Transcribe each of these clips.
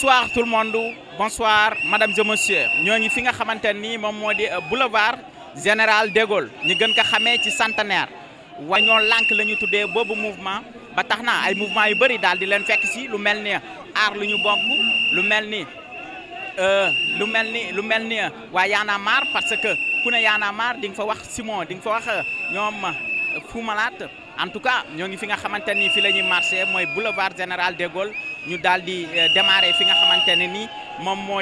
bonsoir tout le monde bonsoir madame et monsieur ñoo ngi fi nga xamante ni moom moo di euh, boulevard général de Gaulle ñu gën ko xamee ci centenaire waaye ñoo lànk la ñu tuddee mouvement ba tax ay mouvement yu bëri daal di leen fekk si lu mel ni aar lu ñu bokk lu mel ni euh, lu mel ni lu mel ni euh, waa Y'en a parce que ku ne Y'en a marre di nga fa wax Simon di nga fa wax ñoom Fou en tout cas ñoo ngi fi nga xamante ni fi la ñuy marché boulevard général de Gaulle ñu daal démarré euh, démarrer fi nga xamante ni moom moo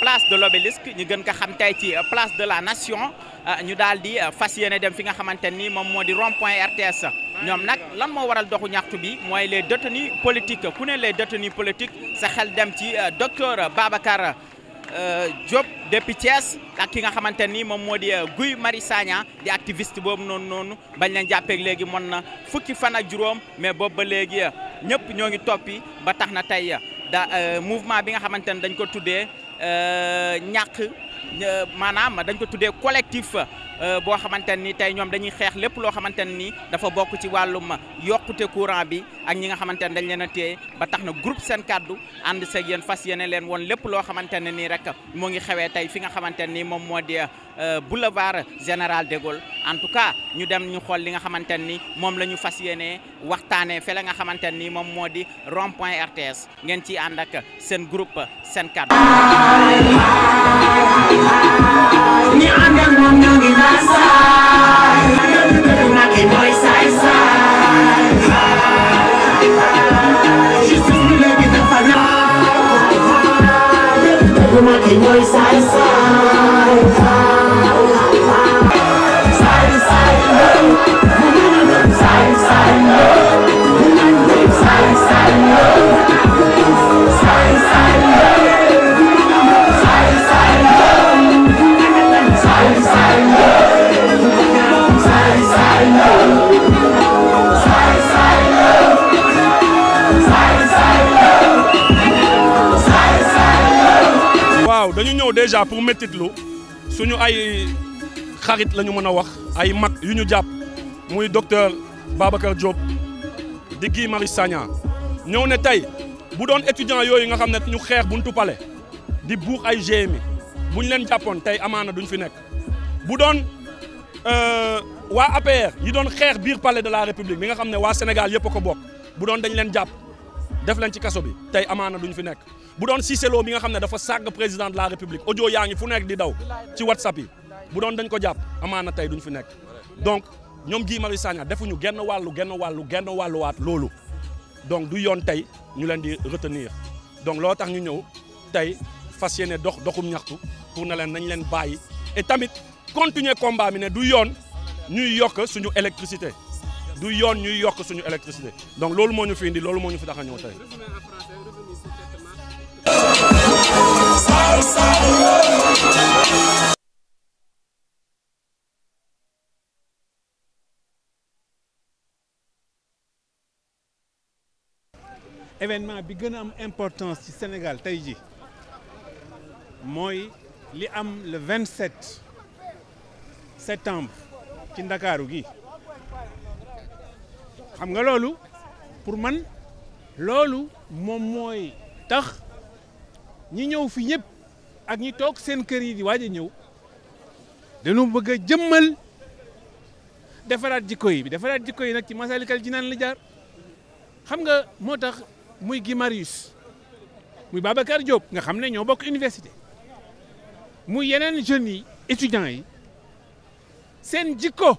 place de l'obélisque ñu gën ko xam tey ci euh, place de la nation euh, ñu daal di fas yéene dem fi nga xamante ni moom rond point RTS ñoom nag lan moo waral doxu ñaxtu bi mooy les détenus politiques ku ne les détenus politiques sa xel dem ci docteur Babacar Euh, Diop depuis Thiès ak ki nga xamante nii moom moo di euh, Guy mari Sagna di activiste boobu noonu noonu bañ leen jàppeek léegi mën na fukki fan ak juróom mais boobu ba léegi euh, ñëpp ñoo ngi toppi ba tax na tey da mouvement bi nga xamante ni dañ ko tuddee ñàkk maanaam dañ ko tuddee collectif boo xamante nii tey ñoom dañuy xeex lépp loo xamante nii dafa bokk ci wàllum yokkute courant bi ak ñi nga xamante ne dañ leen a téye ba tax na groupe seen kàddu ànd seeg yéen fas yéene leen woon lépp loo xamante ne nii rek moo ngi xewee tey fi nga xamante ne nii moom moo di euh, boulevard général de Gaulle en tout cas ñu dem ñu xool li nga xamante ni moom la ñu fas yéene waxtaanee fële nga xamante ne nii moom moo di rond point RTS ngeen ci ànd ak seen groupe seen kàddu. déjà pour méttitlu suñu ay xarit la ñu mën a wax ay mag yu ñu jàpp muy docteur Babacar Diop di Guy Marius Sagna ne tey bu doon étudiant yooyu nga xam ñu xeex buntu pale di buux ay GMI bu ñu leen jàppoon tey amaana duñ fi nekk bu doon euh, waa APR yi doon xeex biir palais de la République bi nga xam ne waa Sénégal yëpp a ko bokk bu doon dañ leen jàpp def leen ci kaso bi tey amaana duñ fi nekk bu doon nga président de la république audio yaa ngi fu nekk di daw ci whatsapp yi bu ko amaana fi donc ñoom Guy Marius Sagna defuñu genn wàllu genn genn donc du yoon tey ñu leen di retenir donc loo tax ñu ñëw tey fas yéene dox doxum ñaxtu pour na et tamit continuer combat mi ne du yoon ñuy suñu électricité du yoon ñuy yokk suñu électricité donc loolu moo ñu fi indi loolu moo ñu fi tax a ñëw événement bi gën am importance ci Sénégal tey ji mooy li am le 27 septembre ci Ndakaaru xam nga loolu pour man loolu moom mooy tax ñi ñëw fi ñëpp ak ñi toog seen kër yi di waaj ñëw dañu bëgg a jëmmal defaraat jikko yi bi defaraat jikko yi nag ci Masalikul Jinaan la jaar xam nga moo tax muy Guy Marius muy Babacar Diop nga xam ne ñoo bokk université muy yeneen jeunes yi étudiants yi seen jikko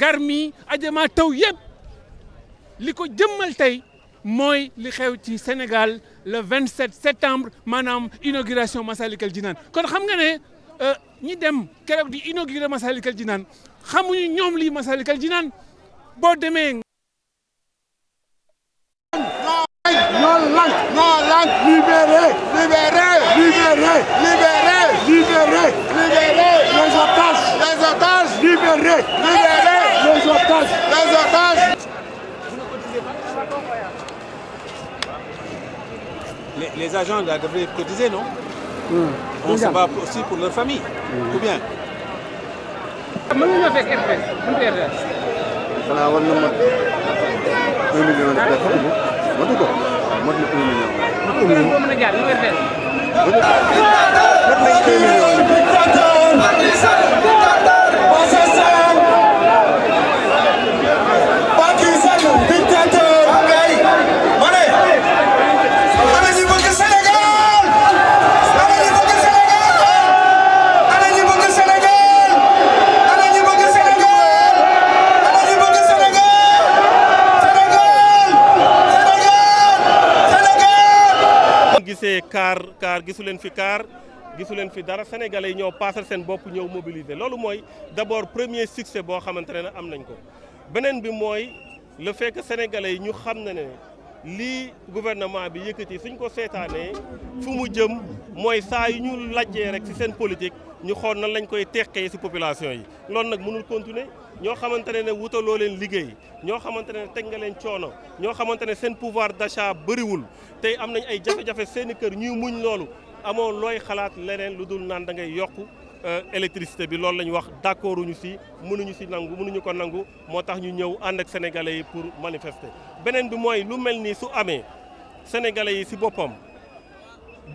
garmi ajama taw yëpp liko jëmmal tay moy li xew ci Sénégal le 27 septembre manam inauguration Massalikal Jinaan kon xam nga ne euh, ñi dem keroog di inauguré Massalikal Jinaan xamuñu ñom li Massalikal Jinaan bo démé non lank non lank libéré libéré libéré libéré libéré libéré les otages les otages libéré libéré les agents là, devraient cotiser, non mmh. On se bat aussi pour leur famille, mmh. ou bien xanaa war na mat 1 million de personnes hein? matu ko mat na 1 million. matu ko mën a jaar mat 1 million. car car gisulen fi car gisulen fi dara sénégalais ñoo passer sen bopp ñëw mobiliser lolu moy d'abord premier succès bo xamantene am nañ ko benen bi moy le fait que sénégalais ñu xam ne ne lii gouvernement bi yëkëti suñ ko seetaanee fu mu jëm moy sa ñu lajjee rek ci sen politique ñu xool nan lañ koy téxé ci population yi loolu nak mënul continuer ñoo xamante ne ne wutaloo leen liggéey ñoo xamante ne teg nga leen coono ñoo xamante ne seen pouvoir d'achat bëriwul tey am nañ ay jafe-jafe seeni kër ñuy muñ loolu amoo looy xalaat leneen lu dul naan da ngay yokku euh, électricité bi loolu la ñu wax d'accorduñu si mënuñu si nangu mënuñu ko nangu moo tax ñu ñëw ànd ak sénégalais yi pour manifester. beneen bi mooy lu mel nii su amee sénégalais yi si boppam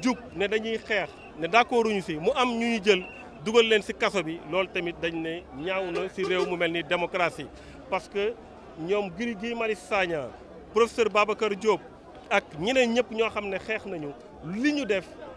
jug ne dañuy xeex ne d'accorduñu si mu am ñu ñu jël. dugal leen ci kaso bi loolu tamit dañ ne ñaaw na ci réew mu mel ni démocratie parce que ñoom Guy Guy Marius Sagna professeur Babacar jóob ak ñeneen ñëpp ñoo xam ne xeex nañu li ñu def.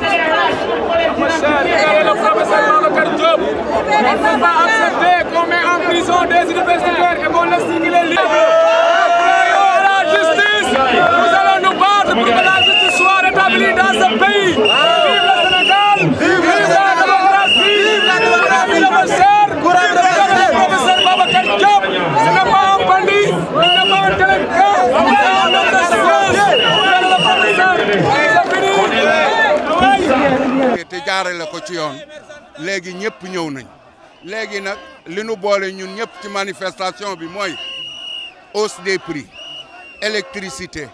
On ne peut pas accepter qu'on met en prison. Les ko ci yoon nañ li manifestation hausse des prix électricité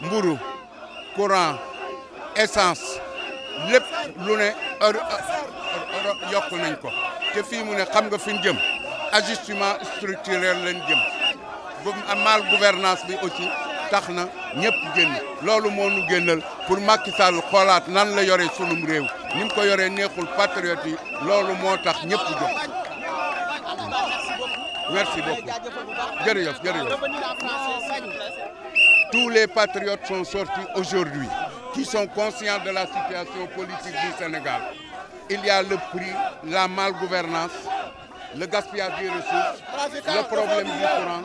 mburu courant essence lépp lu nañ ko mu xam nga ajustement structurel lañ mal gouvernance bi aussi taxna ñepp ñëpp lolu mo ñu nu pour Macky Sall xolaat nan la yoré sunum réew ni ko yoré neexul patriote lolu mo tax ñepp jox merci beaucoup jërëjëf jërëjëf tous les patriotes sont sortis aujourd'hui qui sont conscients de la situation politique du Sénégal il y a le prix la malgouvernance le gaspillage des ressources le problème du courant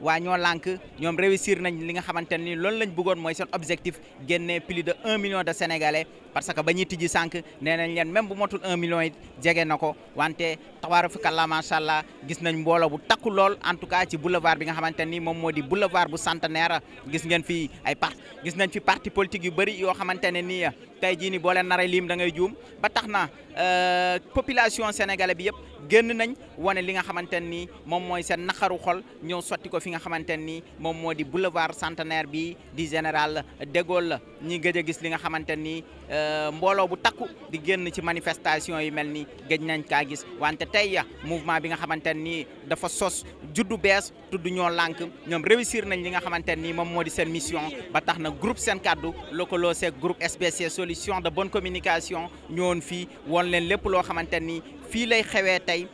waa ñoo lànk ñoom réussir nañ li nga xamante ni loolu lañ bëggoon mooy seen objectif génne plus de un million de sénégalais parce que ba ñuy tijji sànq nee nañ leen même bu un million it jege na ko wante tabaar fi kàllaa allah gis nañ mbooloo bu takku en tout cas ci boulevard bi nga xamante di boulevard bu centenaire gis ngeen fi ay part gis nañ fi parti politique yu bëri yoo xamante ne nii tey ni boo leen naree lim da ngay juum ba tax na euh, population sénégalais bi yëpp génn nañ wane li nga xamante ni moom mooy seen xol ko fi nga di boulevard centenaire bi di général de Gaulle ñi gëj a gis li nga xamante euh, bu takku di génn ci manifestation yu mel ni gëj nañ kaa gis wante tay mouvement bi nga xamante ni dafa sos juddu bes tuddu ñoo lank ñom réussir nañ li nga xamante ni moom moo mission ba tax na groupe sen cadre lokolo seeg groupe SPC solution de bonne communication ñoon fi won len lepp lo xamante ni fii lay xewé tay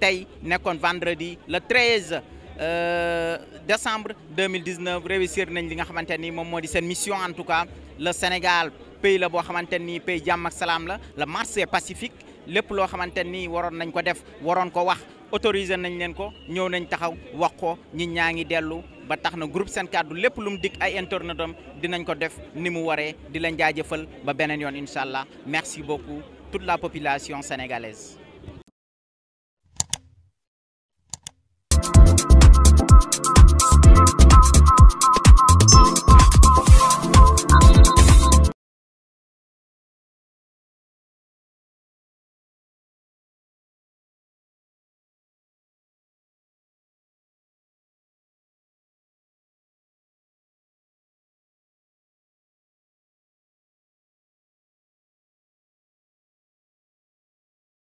tay nekkoon vendredi le 13 euh, décembre 2019 réussir nañ li nga xamante ni moom moo mission en tout cas le Sénégal pays la bo xamante ni pays jàmm ak salam la le marché pacifique lépp loo xamante ni waroon nañ ko def waroon ko wax autorisé nañ leen ko ñëw nañ taxaw wax ko ñi ñaa ngi dellu ba tax na groupe seen kàddu lépp lum dikk ay internetam dinañ ko def ni mu waree di la jaajëfal ba beneen yoon incha allah merci beaucoup toute la population sénégalaise.